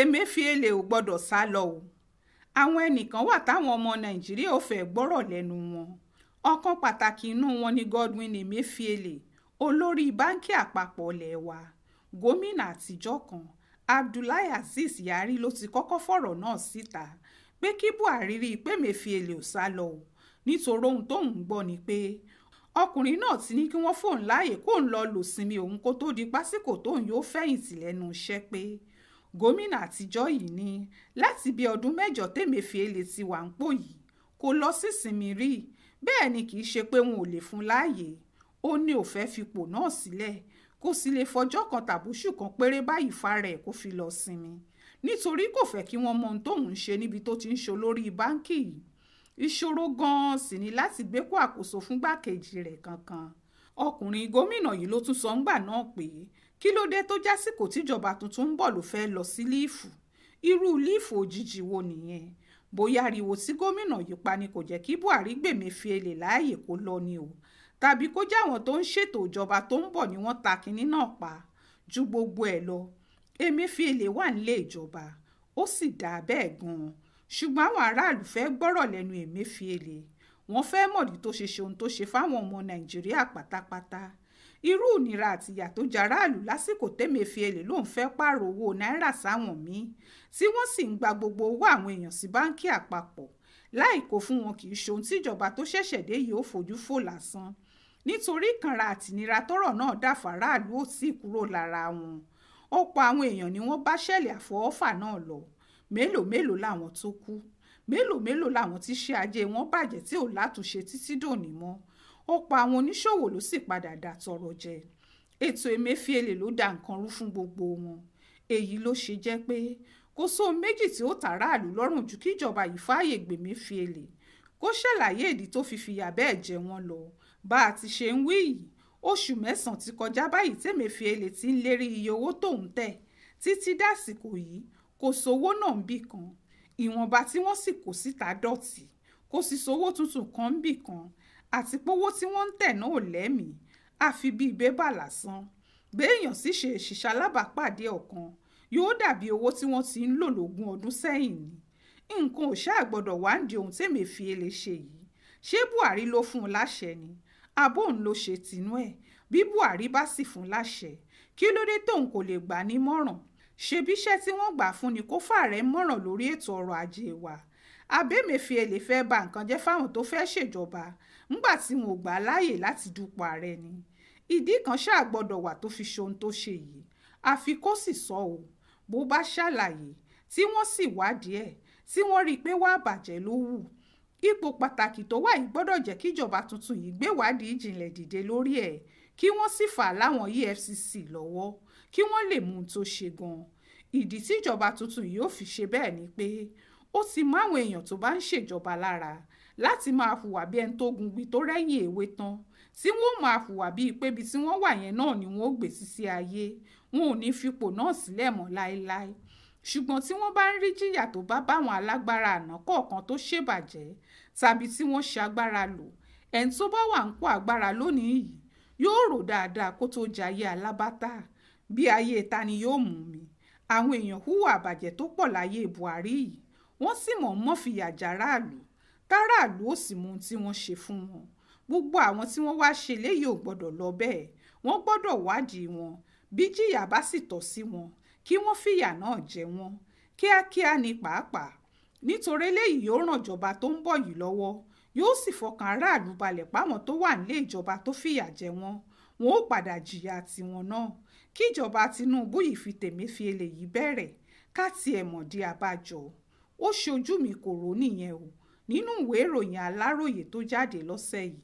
emefiele ò gbọ́dọ̀ sá lọ o àwọn ẹnìkan wà táwọn ọmọ nàìjíríà ò fẹ́ gbọ́rọ̀ lẹ́nu wọn ọ̀kan pàtàkì inú wọn ni godwin emefiele olórí báńkì àpapọ̀ ilé wa gómìnà àtijọ́ kan abdullahi azeez yari ló ti kọ́kọ́ fọ̀rọ̀ náà síta pé kí buhari rí i pé emefiele ò sá lọ o nítorí ohun tóun gbọ́ ni pé ọkùnrin náà ti ní kí wọ́n fóun láàyè kóun lọ lò sinmi òun kó tó di pásíkò tóun yóò fẹ̀yìntì lẹ́nu iṣẹ́ pé gómìnà àtijọ́ yìí ní láti bíi ọdún mẹ́jọ tẹ́mẹ́fìélé ti wà ń pò yìí kò lọ sísinmi rí bẹ́ẹ̀ ni kì í ṣe pé wọn ò lè fún láàyè ó ní ó fẹ́ fipò náà sílẹ̀ kó sì lè fọjọ́ kan tàbóṣù kan péré báyìí fara ẹ̀ kó fi lọ sinmi nítorí kò fẹ́ kí wọ́n mọ ohun tóun ń ṣe níbi tó ti ń ṣolórí báńkì yìí ìṣòro gan-an sì ni láti gbé àkóso fúngbà kejì rẹ̀ kankan ọkùnrin gómìnà yìí ló tún sọ ńgbà náà pé kí ló dé tó jásìkò tíjọba tuntun ń bọ̀ ló fẹ́ lọ sí líìfù irú líìfù òjijì wo nìyẹn bóyá ariwo tí gómìnà yìí pa ni kò jẹ́ kí Buhari gbèmẹ́fìlè láàyè kó lọ ni o tàbí kó jáwọn tó ń ṣètò ìjọba tó ń bọ̀ ni wọ́n ta kinní náà pa ju gbogbo ẹ̀ lọ Emefiele wà nílé ìjọba ó sì dá bẹ́ẹ̀ gan-an ṣùgbọ́n àwọn aráàlú fẹ́ gbọ́rọ̀ lẹ́nu Emefiele wọ́n fẹ́ mọ̀dí tó ṣe ṣe ohun tó ṣe fáwọn ọmọ Nàìjíríà pátápátá irú ìnira àtìyà tó jaráàlú lásìkò tẹ́mẹ̀fẹ́lẹ́ ló ń fẹ́ pààrọ̀ owó náírà sáwọn míín tí wọ́n sì ń gba gbogbo owó àwọn èèyàn sí báńkì àpapọ̀ láì kó fún wọn kì í ṣohun tíjọba tó ṣẹ̀ṣẹ̀ dé yìí ó fojú fò lásán nítorí ìkanra àtìnira tọ́rọ̀ náà dá fàráàlú ò sì kúrò lára wọn ọ̀pọ̀ àwọn èèyàn ni wọ́n bá ṣẹ̀lẹ̀ àfọwọ́fà náà lọ mélòó mélòó làwọn tó kú mélòó mélòó làwọn tíṣẹ́ ajé wọn bàjẹ́ tí ò látúnṣe títí dòní mọ́ ó pa àwọn oníṣòwò ló sì padà dà tọrọ jẹ ètò Emefiele ló dá nǹkan rú fún gbogbo wọn èyí ló ṣe jẹ́ pé kò sóhun méjì tí ó tàráàlú lọ́rùn ju kíjọba yìí fààyè gbèmífièlè kó ṣàlàyé ìdí tó fi fìyà bẹ́ẹ̀ jẹ wọ́n lọ bá a ti ṣe ń wí yìí oṣù mẹ́sàn-án ti kọjá báyìí tèmẹ́fièlè ti ń lérí iye owó tóun tẹ̀ títí dàsìkò yìí kò sówó náà ń bì kan ìwọ̀nba tí wọ́n sì kó síta dọ̀tí kò sì sówó tuntun kan ń bì kan àti pówó tí wọ́n ń tẹ̀ náà ò lẹ́mìí àfi bíi bébà lásán béèyàn sì ṣe ṣìṣà alábàápàdé ọ̀kan yóò dàbí owó tí wọ́n ti ń lò lógún ọdún sẹ́yìn ni nǹkan ò ṣáà gbọ́dọ̀ wá ń di ohun tẹ́mẹ̀fìẹ́lẹ̀ ṣe yìí ṣé buhari ló fún un láṣẹ ni abó òun ló ṣe tinú ẹ̀ bí buhari bá sì fún un láṣẹ kí ló dé tóun kò lè gbà nímọ̀ràn ṣebíṣẹ́ tí wọ́n gbà fún ni kó fààrẹ mọ̀ràn lórí ètò ọrọ̀ ajé wa abẹ́ emefiele fẹ́ẹ́ ba nǹkan jẹ́ fáwọn tó fẹ́ẹ́ ṣèjọba ńgbà tí wọn ò gbà á láàyè láti dupò ààrẹ ni ìdí kan ṣáà gbọ́dọ̀ wà tó fi ṣohun tó ṣe yìí àfi kó sì sọ ọ́ bó bá ṣàlàyé tí wọ́n sì wádìí ẹ̀ tí wọ́n rí i pé wàá bàjẹ́ ló wù ipò pàtàkì tó wà yìí gbọ́dọ̀ jẹ́ kíjọba tuntun yìí gbéwádìí ìjìnlẹ̀ dìde lórí ẹ̀ kí wọ́n sì fà láwọn EFCC lọ́wọ́ kí wọ́n lè mú un tó ṣe gan-an ìdí tíjọba tuntun yìí ò fi ṣe bẹ́ẹ̀ ni pé ó sì mọ́ àwọn èèyàn tó bá ń ṣèjọba lára láti máa hùwà bí ẹni tó gungi tó rẹ́yìn èwe tán tí wọ́n máa hùwà bíi pé ibi tí wọ́n wà yẹn náà ni wọ́n ó gbé sí sí ayé wọn ò ní fipò náà sílẹ̀ mọ́ láéláé ṣùgbọ́n tí wọ́n bá ń rí jìyà tó bá báwọn alágbára àná kọ̀ọ̀kan tó ṣèbàjẹ́ tàbí tí wọ́n ṣe agbára lò ẹni tó bá wà ń kó agbára lónìí yìí yóò rò dáadáa kó tó jayé alábátà bí ayé ta ni yóò mú mi àwọn èèyàn hùwà àbàjẹ́ tó pọ̀ láyé Buhari yìí wọ́n sì mọ̀ọ́mọ̀ fìyà jàráàlú táráàlú ò sì mọ ohun tí wọ́n ṣe fún wọn gbogbo àwọn tí wọ́n wá ṣe léyìí ò gbọ́dọ̀ lọ bẹ́ẹ̀ wọ́n gbọ́dọ̀ wádìí wọn bí jìyà bá sì tọ́ sí wọn kí wọ́n fìyà náà jẹ wọ́n kíákíá ni pàápàá nítorí eléyìí yóò ràn ìjọba tó ń bọ̀ yìí lọ́wọ́ yóò sì fọkàn aráàlú balẹ̀ páwọn tó wà nílé ìjọba tó fìyà jẹ wọ́n wọn ó padà jìyà tiwọn náà kíjọba Tinubu yìí fi Tẹ̀mẹ́fiele yìí bẹ̀rẹ̀ ká tiẹ̀ mọ̀ di abájọ ó ṣojú mi kò rò nìyẹn o nínú ìwé ìròyìn aláròye tó jáde lọ́sẹ̀ yìí